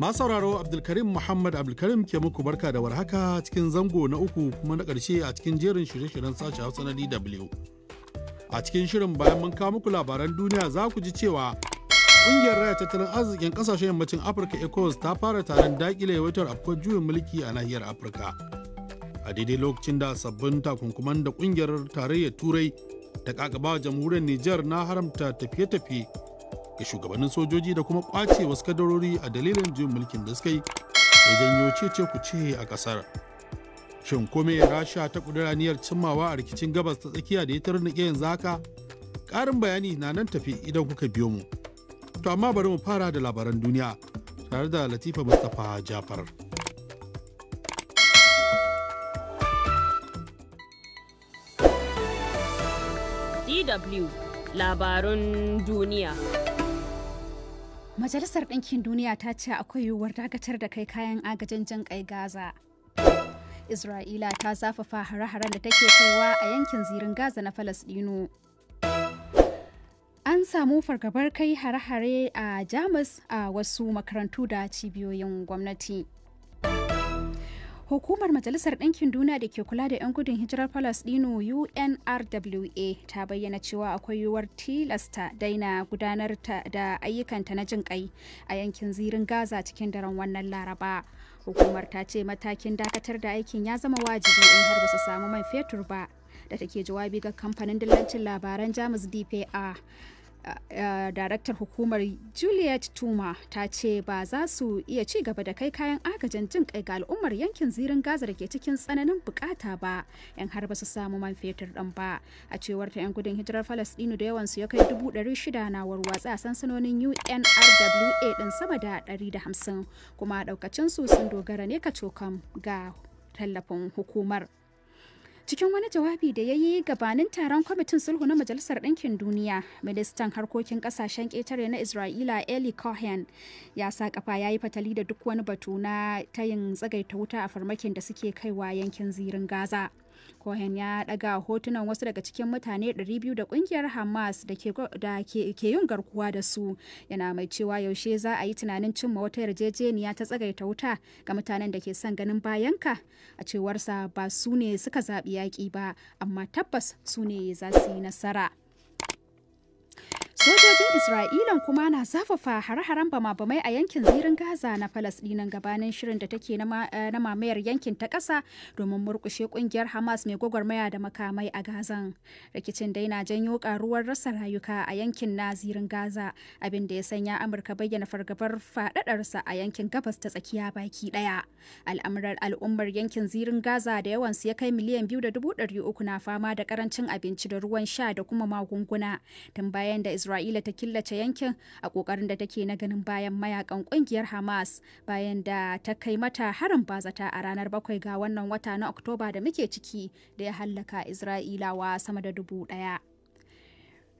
masauraro sauraro Abdulkarim Muhammad Abdulkarim ke muku barka da warhaka cikin zango na uku kuma na ƙarshe a cikin jerin shirye-shiryen sashen Hausa na DW. A cikin shirin bayan mun kawo muku labaran duniya za ku ji cewa ƙungiyar raya tattalin arzikin ƙasashen yammacin Afirka ECOWAS ta fara taron daƙile yawaitar afkuwar juyin mulki a nahiyar Afirka. A daidai lokacin da sabbin takunkuman da ƙungiyar tarayyar Turai ta ƙaƙabawa jamhuriyar Nijar na haramta tafiye-tafiye ga shugabannin sojoji da kuma kwace wasu kadarori a dalilin jin mulkin da suka yi ya janyo cece ku ce a kasar shin kome rasha ta kudura niyyar cimmawa a rikicin gabas ta tsakiya da ya tarnike yanzu haka ƙarin bayani na nan tafi idan kuka biyo mu to amma bari mu fara da labaran duniya tare da latifa mustapha jafar DW labarun duniya. Majalisar Ɗinkin Duniya ta ce akwai yiwuwar dakatar da kai kayan agajin jan kai Gaza. Isra'ila ta zafafa hare-haren da take kaiwa a yankin zirin Gaza na Falasɗinu. An samu fargabar kai hare-hare a Jamus a wasu makarantu da cibiyoyin gwamnati. Hukumar Majalisar Ɗinkin Duniya da ke kula da 'yan gudun hijirar Falasɗinu UNRWA ta bayyana cewa akwai yiwuwar tilasta daina gudanar da ayyukanta na jin kai a yankin zirin Gaza cikin daren wannan Laraba. Hukumar ta ce matakin dakatar da aikin ya zama wajibi in har ba su samu man fetur ba da take jawabi ga kamfanin dillancin labaran Jamus DPA. daraktar hukumar juliet tuma ta ce ba za su iya ci gaba da kai kayan agajin jin kai ga al'ummar yankin zirin gaza da ke cikin tsananin bukata ba yan har ba su samu man fetur ɗan ba a cewar ta yan gudun hijirar falastinu da yawansu ya kai dubu ɗari shida na warwatsa a sansanonin unrwa ɗin sama da ɗari da hamsin kuma ɗaukacinsu sun dogara ne kacokam ga tallafin hukumar cikin wani jawabi da ya yi gabanin taron kwamitin sulhu na majalisar ɗinkin duniya ministan harkokin ƙasashen ƙetare na isra'ila eli cohen ya sa kafa ya yi fatali da duk wani batu na tayin tsagaita wuta a farmakin da suke kaiwa yankin zirin gaza Cohen ya daga hotunan wasu daga cikin mutane 200 da kungiyar Hamas da ke yin garkuwa da su. Yana mai cewa yaushe za a yi tunanin cimma wata yarjejeniya ta tsagaita wuta ga mutanen da ke son ganin bayanka. A cewarsa ba su ne suka zaɓi yaƙi ba, amma tabbas su ne za su yi nasara. Sojojin Isra'ilan kuma na zafafa hare-haren bama-bamai a yankin zirin Gaza na Falasɗinan gabanin shirin da take eh, na mamayar yankin ta ƙasa domin murƙushe ƙungiyar Hamas mai gwagwarmaya da makamai a Gazan. Rikicin dai na janyo karuwar rasa rayuka a yankin na zirin Gaza, abin da ya sanya Amurka bayyana fargabar faɗaɗarsa a yankin gabas ta tsakiya baki ɗaya. Al'amuran al'ummar yankin zirin Gaza da yawansu ya kai miliyan biyu da dubu ɗari uku na fama da karancin abinci da ruwan sha da kuma magunguna. Tun bayan da Isra'ila ta killace yankin a kokarin da take na ganin bayan mayakan kungiyar Hamas bayan da ta kai mata harin bazata a ranar bakwai ga wannan wata na Oktoba da muke ciki da ya hallaka Isra'ilawa sama da dubu ɗaya.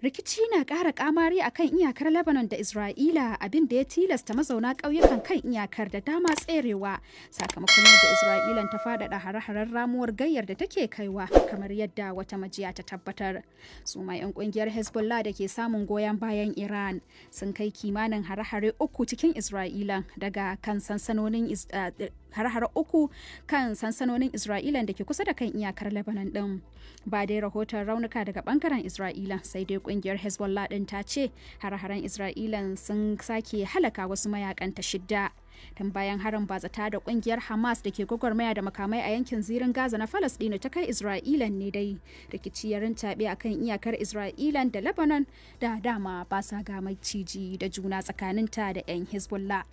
rikici na ƙara ƙamari a kan iyakar lebanon da isra'ila abin da ya tilasta mazauna ƙauyukan kan iyakar da dama tserewa sakamakon yadda isra'ilan ta faɗaɗa hare-haren ramuwar gayyar da take kaiwa kamar yadda wata majiya ta tabbatar su ma 'yan ƙungiyar hezbollah da ke samun goyon bayan iran sun kai kimanin hare-hare uku cikin isra'ilan daga kan sansanonin eh, har-har uku kan sansanonin isra'ila da ke kusa da kan iyakar lebanon din ba dai rahoton raunuka daga bangaren isra'ila sai dai kungiyar hezbollah din ta ce har-haren isra'ila sun sake halaka wasu mayakan ta shidda tun bayan harin ba zata da kungiyar hamas da ke gwagwarmaya da makamai a yankin zirin gaza na falasdino ta kai isra'ila ne dai rikici ya a kan iyakar isra'ila da lebanon da dama ba sa ga ciji da juna tsakaninta da 'yan hezbollah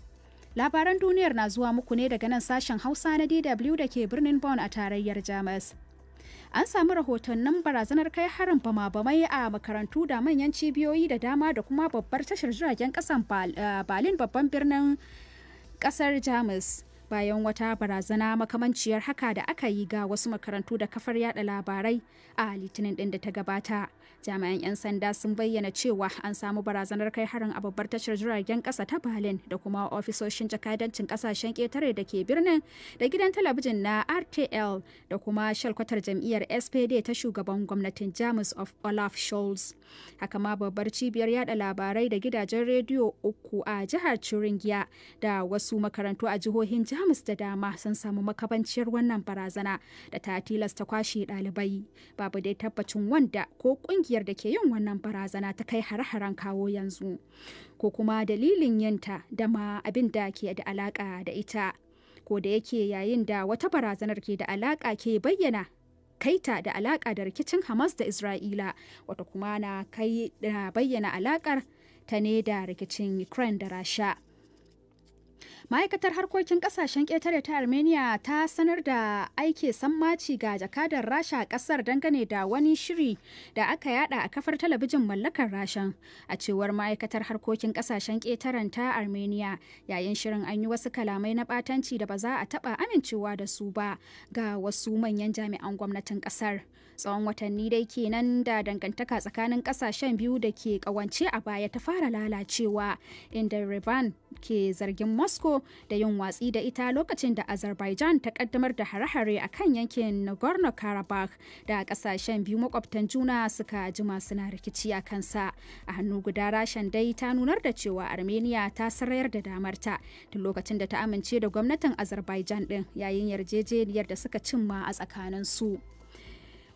Labaran duniyar na zuwa muku ne daga nan sashen Hausa na DW da ke birnin Bonn a tarayyar Jamus. An samu rahotannin barazanar kai harin bama-bamai a makarantu da manyan cibiyoyi da dama da kuma babbar tashar jiragen kasan Balin eh, babban birnin kasar Jamus. Bayan wata barazana makamanciyar haka da aka yi ga wasu makarantu da kafar yada labarai a litinin din da ta gabata. jami'an 'yan sanda sun bayyana cewa an samu barazanar kai harin a babbar tashar jiragen kasa ta berlin da kuma ofisoshin jakadancin kasashen ketare da ke birnin da gidan talabijin na rtl da kuma shalkwatar jam'iyyar spd ta shugaban gwamnatin jamus of olaf scholz haka ma babbar cibiyar yada labarai da gidajen rediyo uku a jihar thuringia da wasu makarantu a jihohin jamus da dama sun samu makabanciyar wannan barazana da ta tilasta kwashe ɗalibai babu dai tabbacin wanda ko kungiyar. ƙungiyar da ke yin wannan barazana ta kai hare-haren kawo yanzu ko kuma dalilin yinta da ma abin da ke da alaƙa da ita ko da yake yayin da wata barazanar ke da alaƙa ke bayyana kaita da alaƙa da rikicin Hamas da Isra'ila wata kuma na kai da bayyana alaƙar ta ne da rikicin Ukraine da Rasha. ma'aikatar harkokin kasashen ƙetare ta armenia ta sanar da aike sammaci ga jakadar rasha kasar ƙasar dangane da wani shiri da aka yada a kafar talabijin mallakar rashen a cewar ma'aikatar harkokin kasashen ƙetaren ta armenia yayin shirin an yi wasu kalamai na batanci da ba za a taɓa amincewa da su ba ga wasu manyan jami'an gwamnatin ƙasar tsawon watanni dai kenan da dangantaka tsakanin ƙasashen biyu da ke kawance a baya ta fara lalacewa inda Revan ke zargin moscow da yin watsi da ita lokacin da azerbaijan ta kaddamar da hare-hare a kan yankin nagorno-karabakh da kasashen biyu makwabtan juna suka jima suna rikici a kansa a hannu guda rashan dai ta nunar da cewa armenia ta sarayar da damarta tun lokacin da ta amince da gwamnatin azerbaijan din yayin yarjejeniyar da suka cimma a tsakaninsu. su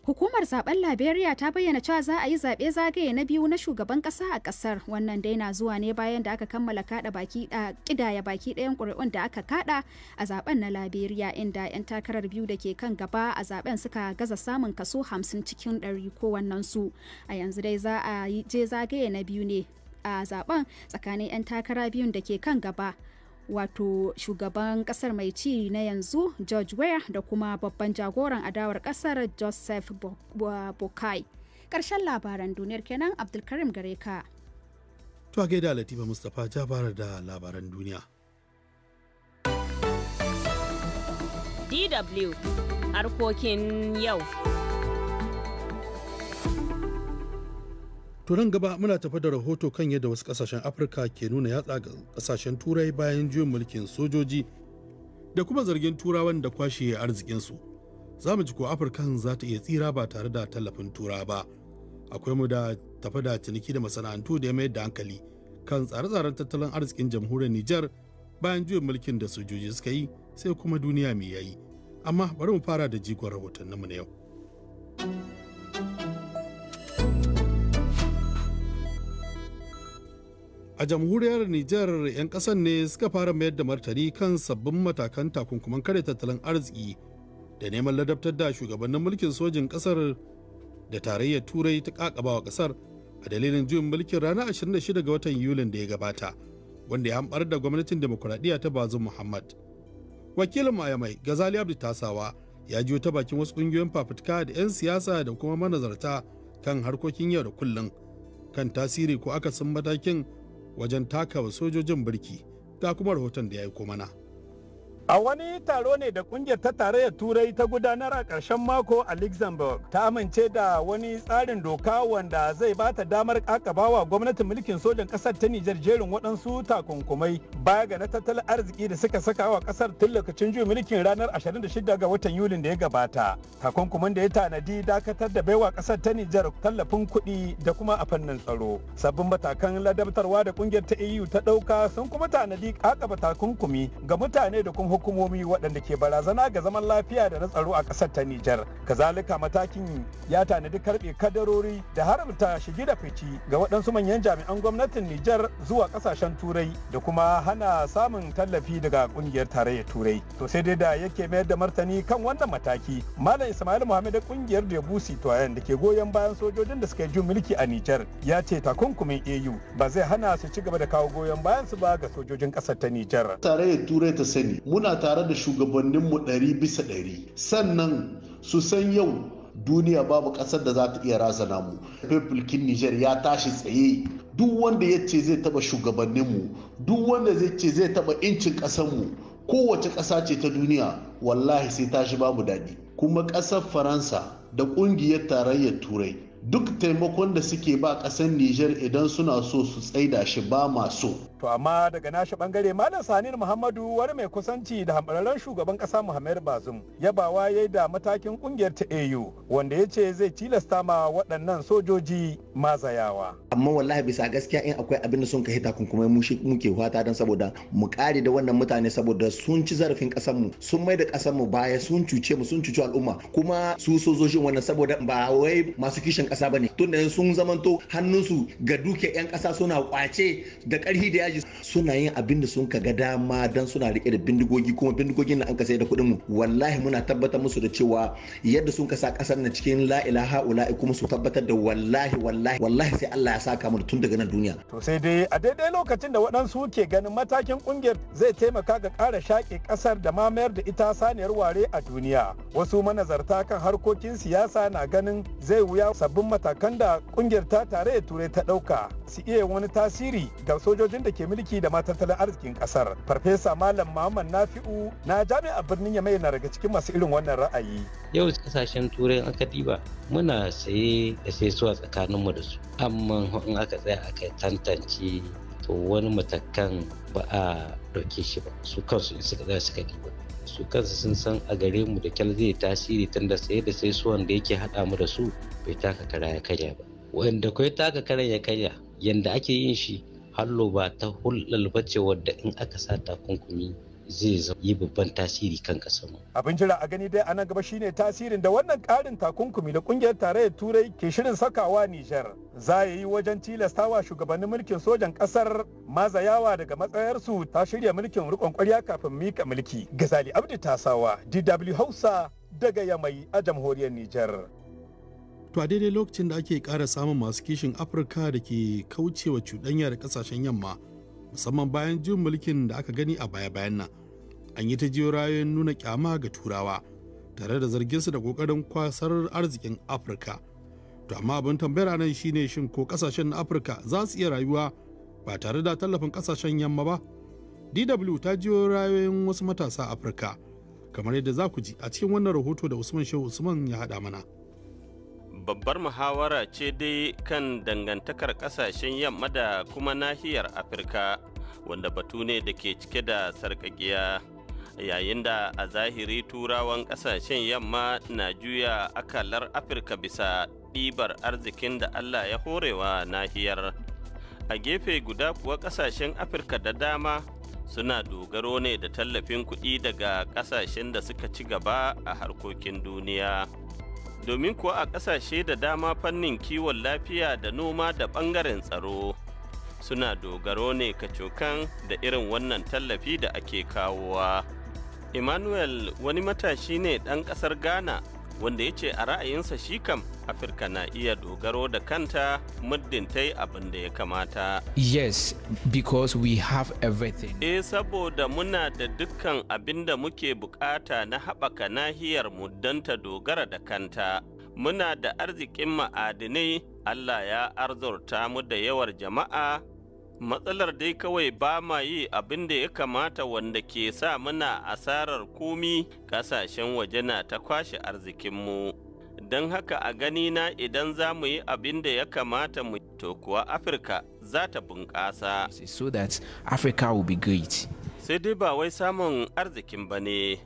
Hukumar zaben Liberia ta bayyana cewa za a yi zaɓe zagaye na biyu na shugaban ƙasa a ƙasar. Wannan dai na zuwa ne bayan da aka kammala kada baki da ƙidaya baki ɗayan ƙuri'un da aka kada a zaben na Liberia inda 'yan takarar biyu da ke kan gaba a zaben suka gaza samun kaso 50 cikin 100 kowannen su. A yanzu dai za a je zagaye na biyu ne a zaben tsakanin 'yan takara biyun da ke kan gaba. wato shugaban kasar mai ci na yanzu george weah da kuma babban jagoran adawar kasar joseph bokai karshen labaran duniyar kenan abdulkarim gare ka to a gaida latifa mustapha jabara da labaran duniya dw harkokin yau turan gaba muna tafa da rahoto kan yadda wasu kasashen afirka ke nuna yatsa ga kasashen turai bayan juyin mulkin sojoji da kuma zargin turawan da kwashe arzikinsu za mu ji ko afirkan za ta iya tsira ba tare da tallafin tura ba akwai mu da tafa da ciniki da masana'antu da ya mayar da hankali kan tsare-tsaren tattalin arzikin jamhuriyar nijar bayan juyin mulkin da sojoji suka yi sai kuma duniya mai yayi amma bari mu fara da jigon rahotanninmu na yau. a jamhuriyar Nijar 'yan ƙasan ne suka fara mayar da martani kan sabbin matakan takunkuman kare tattalin arziki da neman ladabtar da shugabannin mulkin sojin kasar da tarayyar turai ta kakabawa ƙasar a dalilin juyin mulkin ranar 26 ga watan yulin da ya gabata wanda ya hambar da gwamnatin demokuraɗiyya ta Bazu muhammad wakilin mayamai gazali abdu tasawa ya ji ta bakin wasu ƙungiyoyin fafutuka da 'yan siyasa da kuma manazarta kan harkokin yau da kullum kan tasiri ko akasin matakin wajen takawa sojojin birki ga kuma rahoton da ya aiko mana. A wani taro ne da kungiyar ta tarayyar Turai ta gudanar a ƙarshen mako a Luxembourg ta amince da wani tsarin doka wanda zai ba ta damar wa gwamnatin mulkin sojan ƙasar ta Nijar jerin waɗansu takunkumai baya ga na tattalin arziki da suka saka wa ƙasar tun lokacin juyin mulkin ranar 26 ga watan Yulin da ya gabata. Takunkumin da ya tanadi dakatar da baiwa ƙasar ta Nijar tallafin kuɗi da kuma a fannin tsaro. Sabbin matakan ladabtarwa da kungiyar ta EU ta ɗauka sun kuma tanadi kakaba takunkumi ga mutane da kuma hukumomi waɗanda ke barazana ga zaman lafiya da na tsaro a ƙasar ta Nijar. Kazalika matakin ya tanadi karɓe kadarori da haramta shige da fici ga waɗansu manyan jami'an gwamnatin Nijar zuwa ƙasashen Turai da kuma hana samun tallafi daga ƙungiyar tarayyar Turai. To sai dai da yake mayar da martani kan wannan mataki. Malam Ismail Muhammad ƙungiyar busi Toyen da ke goyon bayan sojojin da suka yi jin mulki a Nijar ya ce takunkumin AU ba zai hana su ci gaba da kawo goyon bayan su ba ga sojojin ƙasar ta Nijar. Tarayyar Turai ta sani muna tare da shugabanninmu ɗari bisa ɗari sannan su san yau duniya babu ƙasar da za ta iya rasa namu fifilkin niger ya tashi tsaye duk wanda ya ce zai taba shugabanninmu duk wanda zai ce zai taba incin ƙasanmu kowace ƙasa ce ta duniya wallahi sai tashi babu daɗi kuma ƙasar faransa da ƙungiyar tarayyar turai duk taimakon da suke ba ƙasar Nijar idan suna so su tsaida shi ba maso. To amma daga nashi bangare Malam Sani Muhammadu wani mai kusanci da hambararren shugaban ƙasa Muhammad Bazum wa yayi da matakin kungiyar ta AU wanda ya ce zai tilasta ma waɗannan sojoji mazayawa. Amma wallahi bisa gaskiya in akwai abin da sun kai takunkumai mu shi muke fata don saboda mu kare da wannan mutane saboda sun ci zarafin ƙasar mu sun mai da ƙasar mu baya sun cuce mu sun cuci al'umma kuma su sojojin wannan saboda ba wai masu kishin kasa bane tunda sun zamanto hannunsu ga duke yan kasa suna kwace da karhi da yaji suna yin abin da sun kaga dama dan suna rike da bindigogi kuma bindigogin na an ka sai da kuɗin mu wallahi muna tabbatar musu da cewa yadda sun sa kasar na cikin la ilaha kuma su tabbatar da wallahi wallahi wallahi sai Allah ya saka mu tun daga nan duniya to sai dai a daidai lokacin da waɗansu ke ganin matakin kungiyar zai taimaka ga ƙara shaƙe ƙasar da ma mayar da ita saniyar ware a duniya wasu manazarta kan harkokin siyasa na ganin zai wuya sabbin sabbin matakan da kungiyar ta tare turai ta dauka su iya wani tasiri ga sojojin da ke mulki da matattalin arzikin kasar farfesa malam muhammad nafi'u na jami'ar birnin yamai na daga cikin masu irin wannan ra'ayi yau kasashen turai aka diba muna saye da sai suwa tsakaninmu da su amma in aka tsaya aka tantance to wani matakan ba a dauke shi ba su kansu in suka tsaya suka diba su kansu sun san a gare mu da kyal zai tasiri tun da sai da sai suwan da yake haɗa mu da su bai taka kara ya karya ba wanda kai taka kara ya karya yanda ake yin shi hallo ba ta hulɗar bace wadda in aka sa takunkumi zai yi babban tasiri kan mu. Abin jira a gani dai a nan gaba shine tasirin da wannan karin takunkumi da ƙungiyar tarayyar Turai ke shirin sakawa Nijar. Za ya yi wajen tilastawa shugabannin mulkin sojan ƙasar mazayawa daga matsayarsu ta shirya mulkin wuri kwarya kafin mika mulki. Gazali Abdi Tasawa, DW Hausa daga Yamai a jamhuriyar Nijar. To a daidai lokacin da ake kara samun masu kishin Afirka da ke kaucewa cuɗanya da ƙasashen yamma, musamman bayan jin mulkin da aka gani a baya-bayan nan. an yi ta jiyo rayuwar nuna kyama ga turawa tare da zarginsu da kokarin kwasar arzikin afirka to amma abin tambayar nan shine shin ko kasashen afirka za su iya rayuwa ba tare da tallafin kasashen yamma ba dw ta jiyo rayuwar wasu matasa afirka kamar yadda za ku ji a cikin wannan rahoto da usman shehu usman ya haɗa mana babbar muhawara ce dai kan dangantakar kasashen yamma da kuma nahiyar afirka wanda batu ne da ke cike da sarƙaƙiya yayin da a zahiri turawan ƙasashen yamma na juya akalar afirka bisa ɗibar arzikin da allah ya horewa nahiyar a gefe guda kuwa ƙasashen afirka da dama suna dogaro ne da tallafin kuɗi daga ƙasashen da suka ci gaba a harkokin duniya domin kuwa a ƙasashe da dama fannin kiwon lafiya da noma da ɓangaren tsaro suna dogaro ne kacokan da irin wannan tallafi da ake kawowa. emmanuel wani matashi ne ɗan ƙasar ghana wanda ya ce a ra'ayinsa shi kam afirka na iya dogaro da kanta muddin ta yi abin da ya kamata yes because we have everything eh saboda muna da dukkan abin da muke bukata na haɓaka nahiyar mu don ta dogara da kanta muna da arzikin ma'adinai allah ya arzurta mu da yawar jama'a matsalar dai kawai ba ma yi abin da ya kamata wanda ke sa muna asarar komi kasashen waje na ta kwashe arzikinmu don haka a gani na idan za mu yi abin da ya kamata mu to kuwa afirka za ta bunƙasa so that africa will be great sai dai ba wai samun arzikin ba ne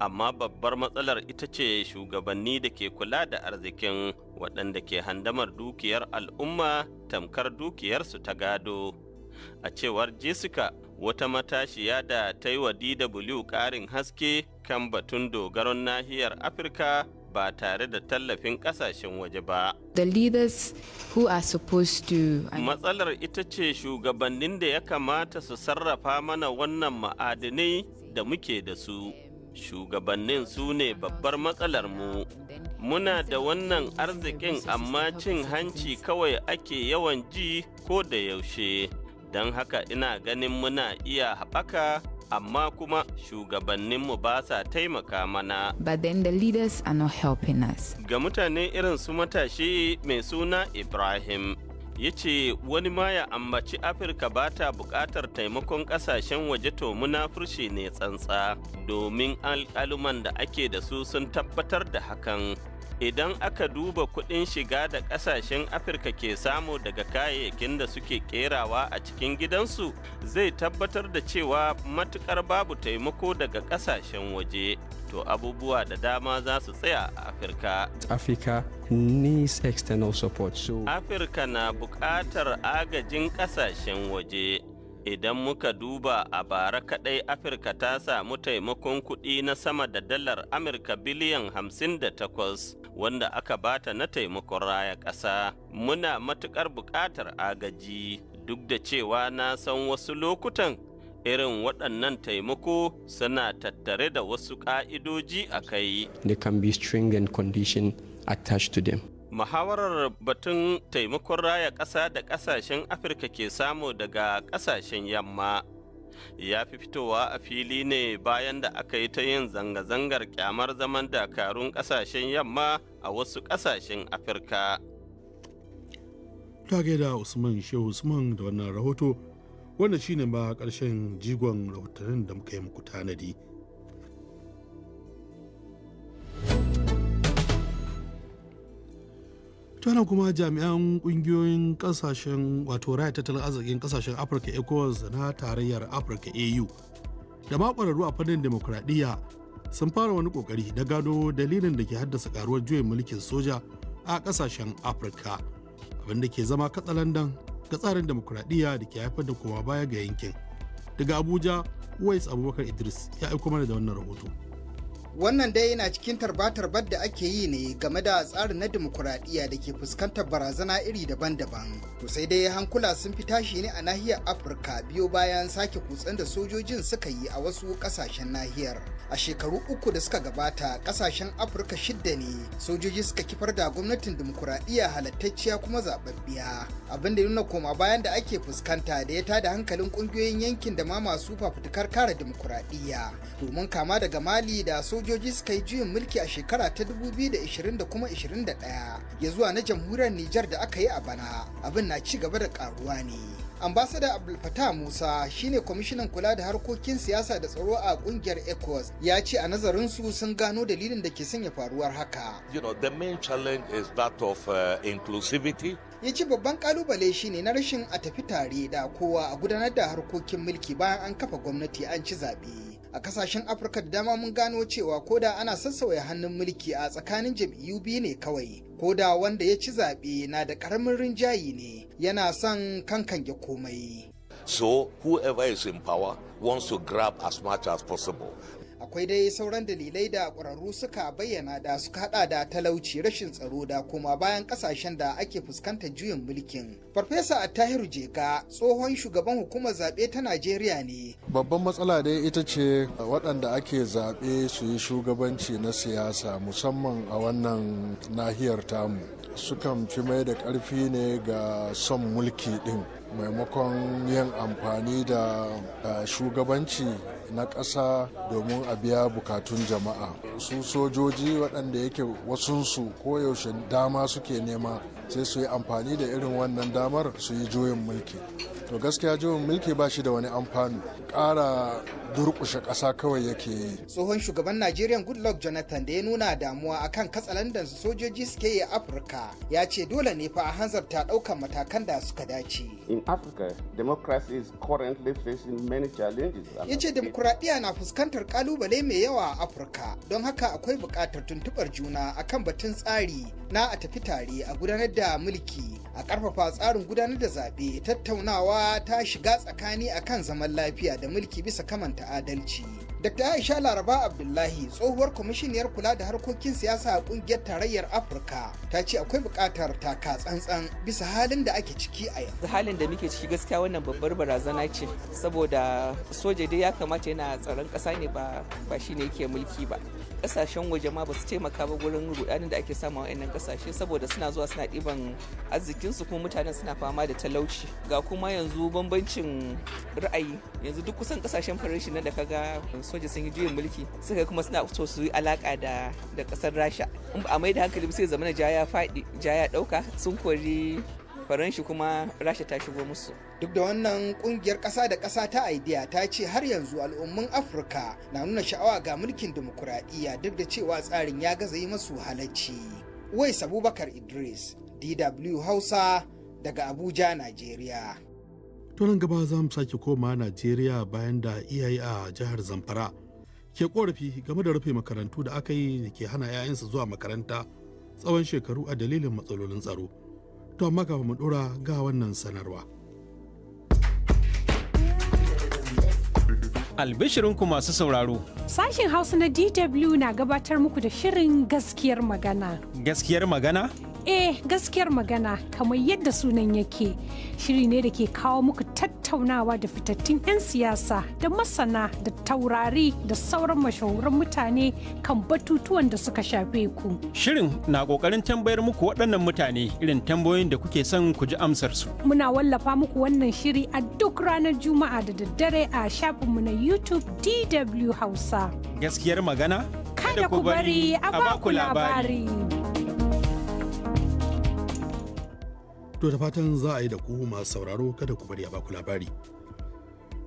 amma babbar matsalar ita ce shugabanni da ke kula da arzikin waɗanda ke handamar dukiyar al'umma tamkar dukiyarsu ta gado a cewar jessica wata matashiya da ta yi wa dw karin haske kan batun dogaron nahiyar afirka ba tare da tallafin kasashen waje ba. Matsalar ita ce shugabannin da ya kamata su sarrafa mana wannan ma'adinai da muke da su. Shugabannin su ne babbar matsalar mu. Muna da wannan arzikin amma cin hanci kawai ake yawan ji ko da yaushe. don haka ina ganin muna iya haɓaka amma kuma shugabanninmu ba sa taimaka mana. But then the leaders are not helping us. Ga mutane irin su matashi mai suna Ibrahim. ya ce wani ma ya ambaci afirka ba ta buƙatar taimakon ƙasashen waje to munafurci ne tsantsa domin alƙaluman da ake da su sun tabbatar da hakan idan aka duba kuɗin shiga da ƙasashen afirka ke samu daga kayayyakin da suke kerawa a cikin gidansu zai tabbatar da cewa matuƙar babu taimako daga ƙasashen waje to abubuwa da dama za su tsaya a afirka afirka needs external support so afirka na buƙatar agajin ƙasashen waje Idan muka duba a bara kaɗai Afirka ta samu taimakon kuɗi na sama da dalar Amurka biliyan 58 wanda aka bata na taimakon raya ƙasa. Muna matuƙar buƙatar agaji duk da cewa na san wasu lokutan irin waɗannan taimako suna tattare da wasu ƙa'idoji a kai. They can be and condition attached to them. Muhawarar batun taimakon raya ƙasa da ƙasashen Afirka ke samu daga ƙasashen yamma ya fi fitowa a fili ne bayan da aka yi ta yin zanga-zangar kyamar zaman dakarun ƙasashen yamma a wasu ƙasashen Afirka. Ta gaida Usman Shehu Usman da wannan rahoto, wannan shine ba ƙarshen jigon rahotannin da muka yi muku tanadi. tunan kuma jami'an kungiyoyin kasashen wato raya tattalin arzikin kasashen afirka ecowas na tarayyar afirka au da ma ƙwararru a fannin demokuraɗiyya sun fara wani kokari da gano dalilin da ke haddasa karuwar juyin mulkin soja a kasashen afirka abinda ke zama katsalandan ga tsarin demokuraɗiyya da ke haifar da koma baya ga yankin daga abuja uwais abubakar idris ya aiko mana da wannan rahoto wannan dai yana cikin tarbatarbar da ake yi ne game da tsarin na dimokuraɗiyya da ke fuskantar barazana iri daban-daban to sai dai hankula sun fi tashi ne a nahiyar afirka biyo bayan sake kutsen da sojojin suka yi a wasu ƙasashen nahiyar a shekaru uku da suka gabata ƙasashen afirka shidda ne sojoji suka kifar da gwamnatin dimokuraɗiyya halattacciya kuma zaɓaɓɓiya abin da nuna koma bayan da ake fuskanta da ya tada hankalin ƙungiyoyin yankin da ma masu fafutukar kare dimokuraɗiyya domin kama daga mali da sojoji sojoji suka yi juyin mulki a shekara ta 2020 da kuma 21 ya zuwa na jamhuriyar Nijar da aka yi a bana abin na ci gaba da karuwa ne. Ambasada Abdulfatah Musa shine kwamishinan kula da harkokin siyasa da tsaro a kungiyar ECOWAS ya ce a nazarin su sun gano dalilin da ke sanya faruwar haka. You know, the main challenge is that of uh, inclusivity. Ya ce babban kalubale shine na rashin a tafi tare da kowa a gudanar da harkokin mulki bayan an kafa gwamnati an ci zaɓe. a kasashen afirka da dama mun gano cewa koda ana sassauya hannun mulki a tsakanin jam'iyyu biyu ne kawai koda wanda ya ci zaɓe na da ƙaramin rinjayi ne yana son kankange komai So whoever is in power wants to grab as much as possible. akwai dai sauran dalilai da ƙwararru suka bayyana da suka hada da talauci rashin tsaro da kuma bayan ƙasashen da ake fuskantar juyin mulkin farfesa attahiru jega tsohon shugaban hukumar zaɓe ta najeriya ne babban matsala dai ita ce waɗanda ake zaɓe su yi shugabanci na siyasa musamman a wannan nahiyar tamu sukan fi mai da ƙarfi ne ga son mulki ɗin maimakon yin amfani da shugabanci na ƙasa domin a biya bukatun jama'a su sojoji waɗanda yake wasunsu koyaushe dama suke nema sai su yi amfani da irin wannan damar su yi juyin mulki to gaskiya juyin mulki ba shi da wani amfani ƙara durƙushe ƙasa kawai yake yi tsohon shugaban najeriya goodluck jonathan da ya nuna damuwa akan katsalandan sojoji suke yi afirka ya ce dole ne fa a hanzarta ɗaukan matakan da suka dace in africa democracy is currently facing many challenges ya ce demokuraɗiyya na fuskantar ƙalubale mai yawa a afirka don haka akwai buƙatar tuntuɓar juna akan batun tsari na a tafi tare a gudanar da mulki a ƙarfafa tsarin gudanar da zaɓe tattaunawa cewa ta shiga tsakani akan zaman lafiya da mulki bisa kamanta adalci. Dr. Aisha Laraba Abdullahi tsohuwar kwamishiniyar kula da harkokin siyasa a kungiyar tarayyar Afirka ta ce akwai buƙatar taka tsantsan bisa halin da ake ciki a yanzu. Halin da muke ciki gaskiya wannan babbar barazana ce saboda soja dai ya kamata yana tsaron ƙasa ne ba shi ne yake mulki ba. kasashen waje ma ba su taimaka ba wurin rudanin da ake samu a wayannan kasashe saboda suna zuwa suna ɗiban arzikin su kuma mutanen suna fama da talauci ga kuma yanzu bambancin ra'ayi yanzu duk kusan kasashen farashi na da kaga soja sun yi juyin mulki suka kuma suna so su yi alaka da da kasar rasha in ba a mai da hankali sai zamana ja ya faɗi ja ya ɗauka sun kori faranshi kuma rasha ta shigo musu duk da wannan kungiyar ƙasa da ƙasa ta idea ta ce har yanzu al'ummin afirka na nuna sha'awa ga mulkin dimokuraɗiyya duk da cewa tsarin ya gaza yi masu halacci wais Sabubakar idris dw hausa daga abuja nigeria tunan gaba za mu sake koma najeriya bayan da iyaye a jihar zamfara ke korafi game da rufe makarantu da aka yi da ke hana 'ya'yansu zuwa makaranta tsawon shekaru a dalilin matsalolin tsaro to amma kafin mu dora ga wannan sanarwa Albishirinku masu sauraro. Sashen Hausa na DW na gabatar muku da shirin gaskiyar magana. Gaskiyar magana? Eh gaskiyar magana kamar yadda sunan yake shiri ne da ke kawo muku tattaunawa da fitattun 'yan siyasa da masana da taurari da sauran mashahuran mutane kan batutuwan da suka shafe ku. Shirin na kokarin tambayar muku waɗannan mutane irin tambayoyin da kuke son ku ji su. Muna wallafa muku wannan shiri a duk ranar Juma'a da daddare a shafinmu na YouTube DW Hausa. Gaskiyar magana? Kada ku bari a baku labari. To da fatan za a yi da kuhu masu sauraro kada ku bari a baku labari.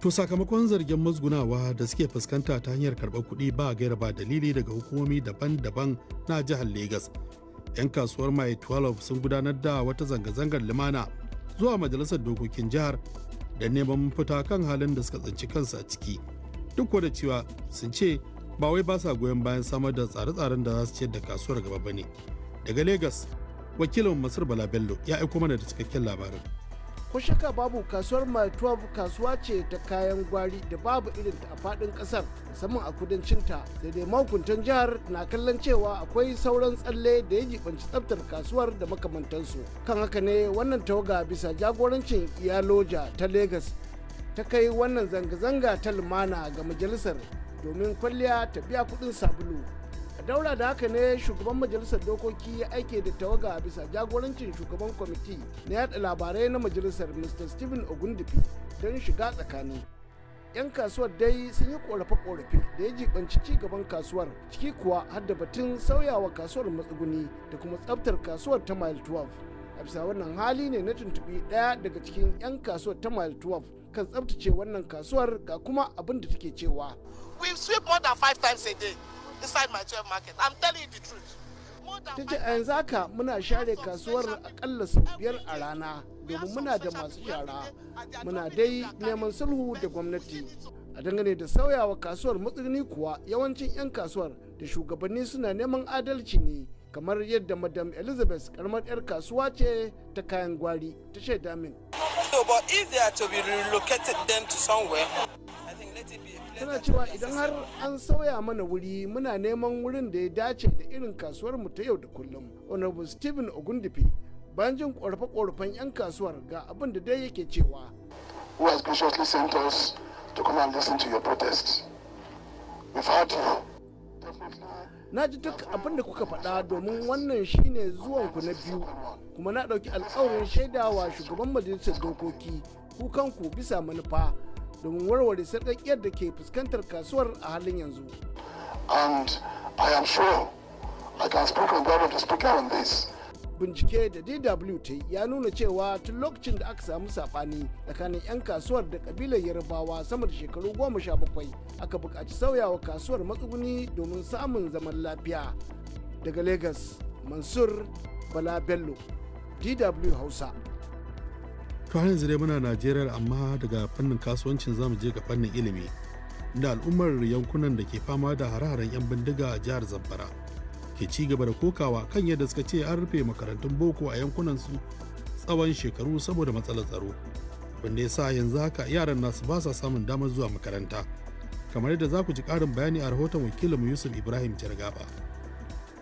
To sakamakon zargin musgunawa da suke fuskanta ta hanyar karɓar kuɗi ba gaira ba dalili daga hukumomi daban-daban na jihar Legas. 'Yan kasuwar Mai 12 sun gudanar da wata zanga-zangar lumana zuwa majalisar dokokin jihar da neman mafita kan halin da suka tsinci kansu a ciki. Duk da cewa sun ce ba wai ba sa goyon bayan samar da tsare-tsaren da za su ciyar da kasuwar gaba ba ne. Daga Legas, wakilin masar bala bello ya aiko mana da cikakken labarin ko shaka babu kasuwar mile 12 kasuwa ce ta kayan gwari da babu irin ta a fadin kasar musamman a kudancin ta da dai mahukuntan jihar na kallon cewa akwai sauran tsalle da ya jibanci tsaftar kasuwar da makamantansu kan haka ne wannan tawaga bisa jagorancin iyaloja ta lagos ta kai wannan zanga-zanga ta lumana ga majalisar domin kwalliya ta biya kudin sabulu daura da haka ne shugaban majalisar dokoki ya aike da tawaga a bisa jagorancin shugaban kwamiti na yada labarai na majalisar mr stephen ogundifi don shiga tsakani 'yan kasuwar dai sun yi korafe-korafe da ya jibanci ci gaban kasuwar ciki kuwa har da batun sauyawa kasuwar matsuguni da kuma tsabtar kasuwar ta mile 12 a bisa wannan hali ne na tuntubi ɗaya daga cikin 'yan kasuwar ta mile 12 kan tsabtace wannan kasuwar ga kuma abin da take cewa we sweep more than five times a day inside my 12 market. I'm telling you the truth. a yanzu haka muna share kasuwar akalla sau biyar a rana domin muna da masu shara muna dai neman sulhu da gwamnati a dangane da sauyawa kasuwar matsirni kuwa yawancin 'yan kasuwar da shugabanni suna neman adalci ne kamar yadda madam elizabeth karamar 'yar kasuwa ce ta kayan gwari ta shaida min. tana cewa idan har an sauya mana wuri muna neman wurin da ya dace da irin kasuwar mu ta yau da kullum honorable stephen ogundife bayan jin korafe-korafen 'yan kasuwar ga abin da dai yake cewa na ji duk abin da kuka faɗa domin wannan shine zuwan ku na biyu kuma na ɗauki alƙawarin shaidawa shugaban majalisar dokoki kukanku bisa manufa domin warware sarƙaƙiyar da ke fuskantar kasuwar a halin yanzu. And I am sure I can speak government to speak on this. bincike da dw ta ya nuna cewa tun lokacin da aka samu saɓani tsakanin 'yan kasuwar da kabilar yarbawa sama da shekaru goma sha bakwai aka buƙaci sauyawa kasuwar matsuguni domin samun zaman lafiya daga lagos mansur bala bello dw hausa to har yanzu dai muna najeriya amma daga fannin kasuwancin zamu je ga fannin ilimi da al'ummar yankunan da ke fama da hare-haren 'yan bindiga a jihar zamfara ke ci gaba da kokawa kan yadda suka ce an rufe makarantun boko a yankunan su tsawon shekaru saboda matsalar tsaro wanda ya sa yanzu haka yaran nasu ba sa samun damar zuwa makaranta kamar yadda za ku ji karin bayani a rahoton wakilinmu yusuf ibrahim jargaba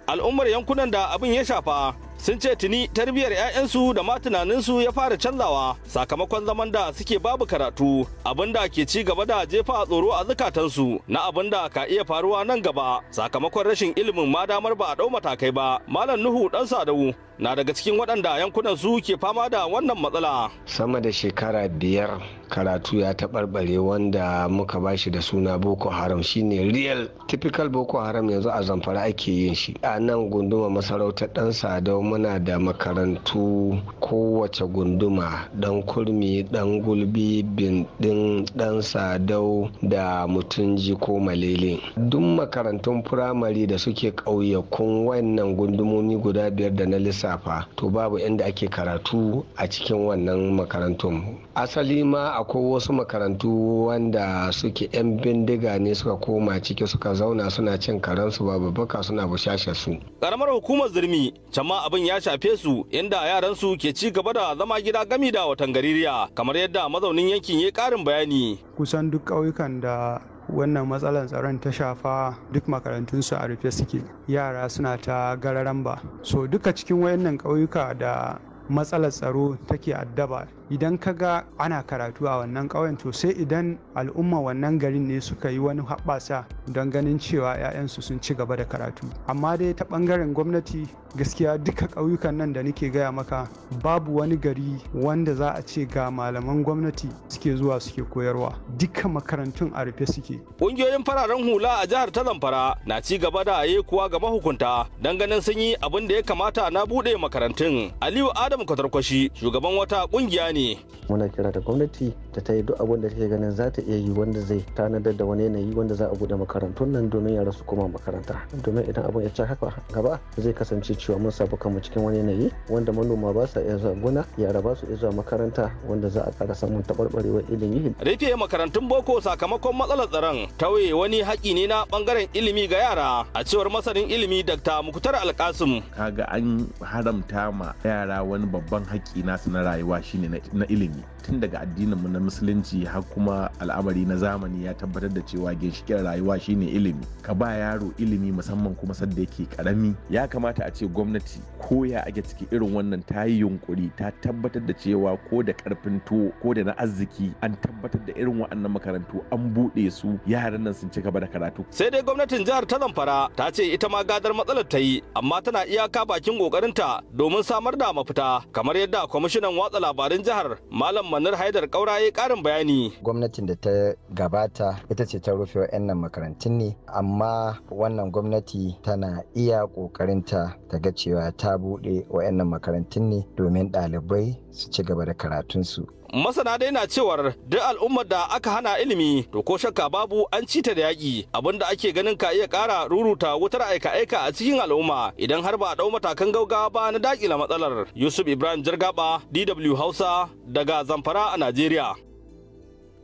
al'ummar yankunan da abin ya shafa sun ce tuni tarbiyyar 'ya'yansu da ma tunaninsu ya fara canzawa sakamakon zaman da suke babu karatu abin da ke ci gaba da jefa tsoro a zukatansu na abin da ka iya faruwa nan gaba sakamakon rashin ilimin ma damar ba a ɗau matakai ba malam nuhu dan sadau na daga cikin waɗanda yankunan su ke fama da wannan matsala. Sama da shekara biyar karatu ya taɓarɓare wanda muka ba shi da suna Boko Haram shine real typical Boko Haram yanzu a zamfara ake yin shi. A nan gunduma masarautar ɗan sadau muna da makarantu kowace gunduma dan kurmi dan gulbi bindin dan sadau da mutunji ko malele duk makarantun firamare da suke ƙauyakun wannan gundumomi guda biyar da na lissafa to babu inda ake karatu a cikin wannan makarantun asali ma akwai wasu makarantu wanda suke 'yan bindiga ne suka koma ciki suka zauna suna cin karansu babu baka suna bushashe su ƙaramar hukumar zirmi can abin ya shafe su inda yaran su ke ci gaba da zama gida gami da watan gaririya kamar yadda mazaunin yankin ya karin bayani kusan duk ƙauyukan da wannan matsalar tsaron ta shafa duk makarantunsu a rufe suke yara suna ta gararan ba so duka cikin wayannan ƙauyuka da matsalar tsaro take addaba idan ka ga ana karatu a wannan ƙauyen to sai idan al'umma wannan garin ne suka yi wani haɓasa don ganin cewa 'ya'yansu sun ci gaba da karatu amma dai ta ɓangaren gwamnati gaskiya duka ƙauyukan nan da nake gaya maka babu wani gari wanda za a ce ga malaman gwamnati suke zuwa suke koyarwa duka makarantun a rufe suke ƙungiyoyin fararen hula a jihar ta zamfara na ci gaba da aye kuwa ga mahukunta don ganin sun yi abin da ya kamata na buɗe makarantun aliyu adamu kwatarkwashi shugaban wata ƙungiya ne ne muna kira da gwamnati da ta yi duk abin da take ganin za ta iya yi wanda zai tanadar da wani yanayi wanda za a bude makarantun nan domin yara su koma makaranta domin idan abin ya ci haka gaba zai kasance cewa mun sabu kanmu cikin wani yanayi wanda manoma ba sa iya zuwa gona yara ba su iya zuwa makaranta wanda za a kara samun taɓarɓarewar ilimi. rufe makarantun boko sakamakon matsalar tsaron tauye wani haƙi ne na ɓangaren ilimi ga yara a cewar masanin ilimi dr muktar Ka kaga an haramta ma yara wani babban haƙi nasu na rayuwa shine na na ilimi tun daga addininmu na musulunci har kuma al'amari na zamani ya tabbatar da cewa ginshikin rayuwa shine ilimi ka ba yaro ilimi musamman kuma sadda yake karami ya kamata a ce gwamnati ko ya ake ciki irin wannan ta yi yunkuri ta tabbatar da cewa ko da karfin tuwo ko da na arziki an tabbatar da irin wannan makarantu an buɗe su yaran nan sun ci gaba da karatu sai dai gwamnatin jihar ta zamfara ta ce ita ma gadar matsalar ta yi amma tana iyaka bakin kokarin ta domin samar da mafita kamar yadda kwamishinan watsa labarin jihar malam manar haidar ƙauraye karin bayani gwamnatin da ta gabata ita ce ta rufe wa'annan makarantun ne amma wannan gwamnati tana iya ƙoƙarinta ta ga cewa ta buɗe wa'annan makarantun ne domin ɗalibai su ci gaba da karatunsu masana dai na cewar duk al'ummar da aka hana ilimi to ko shakka babu an ci ta da yaƙi abinda ake ganin ka iya kara ruruta wutar aika-aika a cikin al'umma idan har ba a ɗau matakan gaugawa ba na daƙila matsalar yusuf ibrahim jirgaba dw hausa daga zamfara a najeriya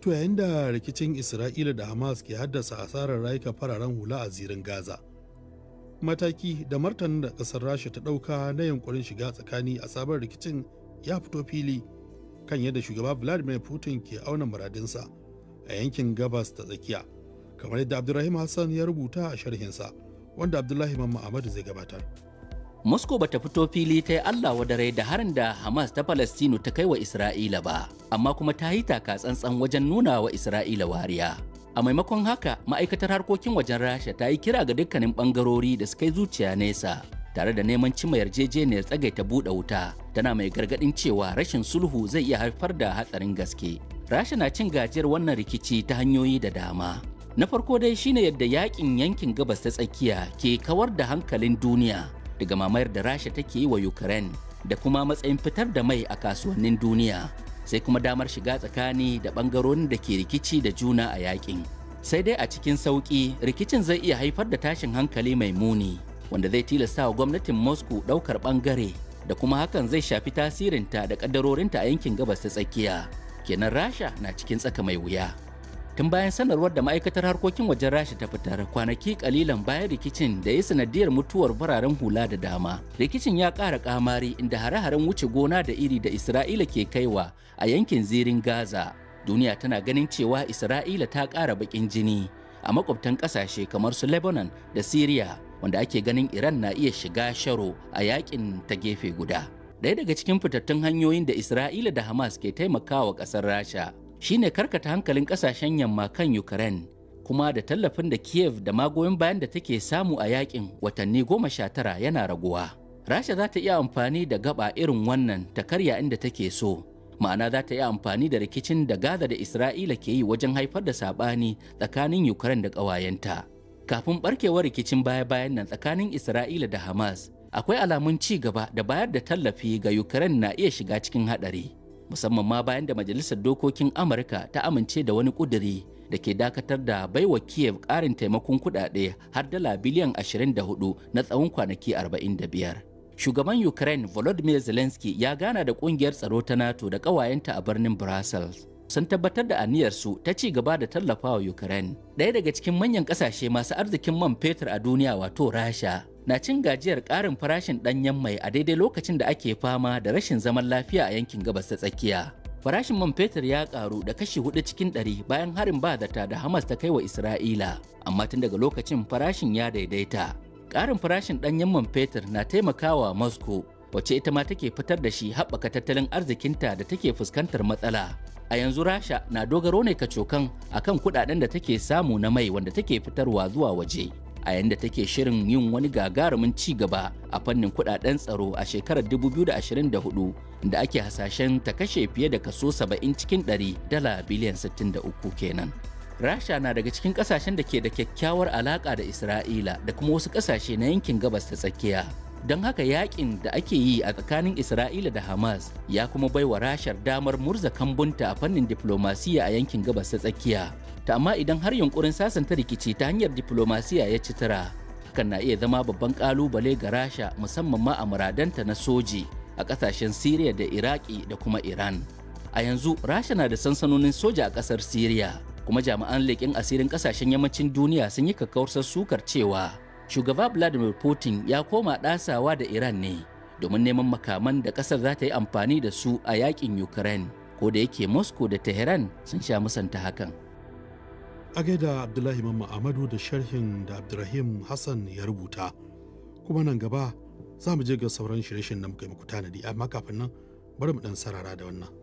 to yayin da rikicin isra'ila da hamas ke haddasa asarar rayuka fararen hula a zirin gaza mataki da martanin da ƙasar rasha ta ɗauka na yankurin shiga tsakani a sabon rikicin ya fito fili kan yadda shugaba vladimir putin ke auna muradinsa a yankin gabas ta tsakiya kamar yadda abdulrahim hassan ya rubuta a sharhinsa wanda abdullahi mamma zai gabatar Moscow bata fito fili ta yi Allah wa dare da harin da Hamas ta Falastinu ta kai wa Isra'ila ba, amma kuma ta yi taka tsantsan wajen nuna wa Isra'ila wariya. A maimakon haka, ma'aikatar harkokin wajen Rasha ta yi kira ga dukkanin bangarori da suka yi zuciya nesa tare da neman cima yarjejeniyar tsagaita buɗe wuta tana mai gargaɗin cewa rashin sulhu zai iya haifar da hatsarin gaske rasha na cin gajiyar wannan rikici ta hanyoyi da dama na farko dai shine yadda yakin yankin gabas ta tsakiya ke kawar da hankalin duniya daga mamayar da rasha take yi wa ukraine da kuma matsayin fitar da mai a kasuwannin duniya sai kuma damar shiga tsakani da bangarorin da ke rikici da juna a yakin sai dai a cikin sauki rikicin zai iya haifar da tashin hankali mai muni wanda zai tilasta wa gwamnatin moscow ɗaukar ɓangare da kuma hakan zai shafi tasirinta da ƙaddarorinta a yankin gabas ta tsakiya kenan rasha na cikin tsaka mai wuya tun bayan sanarwar da ma'aikatar harkokin wajen rasha ta fitar kwanaki kalilan bayan rikicin da ya sanadiyar mutuwar fararen hula da dama rikicin ya kara kamari inda hare-haren wuce gona da iri da isra'ila ke kaiwa a yankin zirin gaza duniya tana ganin cewa isra'ila ta ƙara baƙin jini a makwabtan ƙasashe kamar su lebanon da syria wanda ake ganin Iran na iya shiga sharo a yakin ta gefe guda. Daya daga cikin fitattun hanyoyin da Isra'ila da Hamas ke taimakawa ƙasar Rasha shine karkata hankalin ƙasashen yamma kan Ukraine kuma da tallafin da Kiev da magoyin bayan da take samu a yakin watanni goma sha tara yana raguwa. Rasha za ta iya amfani da gaba irin wannan ta karya inda take so. Ma'ana za ta iya amfani da rikicin da Gaza da Isra'ila ke yi wajen haifar da sabani tsakanin Ukraine da ƙawayenta. kafin barkewar rikicin baya-bayan nan tsakanin Isra'ila da Hamas, akwai alamun ci gaba da bayar da tallafi ga Ukraine na iya shiga cikin haɗari, musamman ma bayan da Majalisar Dokokin Amurka ta amince da wani ƙuduri da ke dakatar da baiwa Kiev ƙarin taimakon kuɗaɗe har dala biliyan 24 na tsawon kwanaki 45. Shugaban Ukraine Volodymyr Zelensky ya gana da ƙungiyar tsaro ta NATO da ƙawayenta a birnin Brussels. sun tabbatar da aniyarsu ta ci gaba da tallafa wa Ukraine. Ɗaya daga cikin manyan ƙasashe masu arzikin man fetur a duniya wato Rasha na cin gajiyar ƙarin farashin ɗanyen mai a daidai lokacin da ake fama da rashin zaman lafiya a yankin gabas ta tsakiya. Farashin man fetur ya ƙaru da kashi hudu cikin ɗari bayan harin ba zata da Hamas ta kai wa Isra'ila, amma tun daga lokacin farashin ya daidaita. Ƙarin farashin ɗanyen man fetur na taimakawa Moscow wacce ita ma take fitar da shi haɓaka tattalin arzikinta da take fuskantar matsala a yanzu rasha na dogaro ne kacokan akan kudaden da take samu na mai wanda take fitarwa zuwa waje a yanda take shirin yin wani gagarumin ci gaba a fannin kudaden tsaro a shekarar 2024 da ake hasashen ta kashe fiye da kaso 70 cikin 100 dala biliyan 63 kenan rasha na daga cikin kasashen da ke da kyakkyawar alaka da isra'ila da kuma wasu kasashe na yankin gabas ta tsakiya don haka yakin da ake yi a tsakanin isra'ila da hamas ya kuma baiwa rashar damar murza kambunta a fannin diplomasiya a yankin gabas ta tsakiya ta amma idan har yunkurin sasanta rikici ta hanyar diplomasiya ya ci tara hakan na iya zama babban kalubale ga rasha musamman ma a muradanta na soji a kasashen siriya da iraki da kuma iran a yanzu rasha na da sansanonin soja a kasar siriya kuma jami'an leƙen asirin kasashen yammacin duniya sun yi kakkausar sukar cewa shugaba vladimir putin ya koma ɗasawa da iran ne domin neman makaman da ƙasar za ta yi amfani da su a yakin ukraine ko da yake moscow da tehran sun sha musanta hakan a gaida abdullahi mamma amadu da sharhin da abdurrahim hassan ya rubuta kuma nan gaba za mu je ga sauran shirye-shiryen da muka yi muku tanadi amma kafin nan bari mu dan sarara da wannan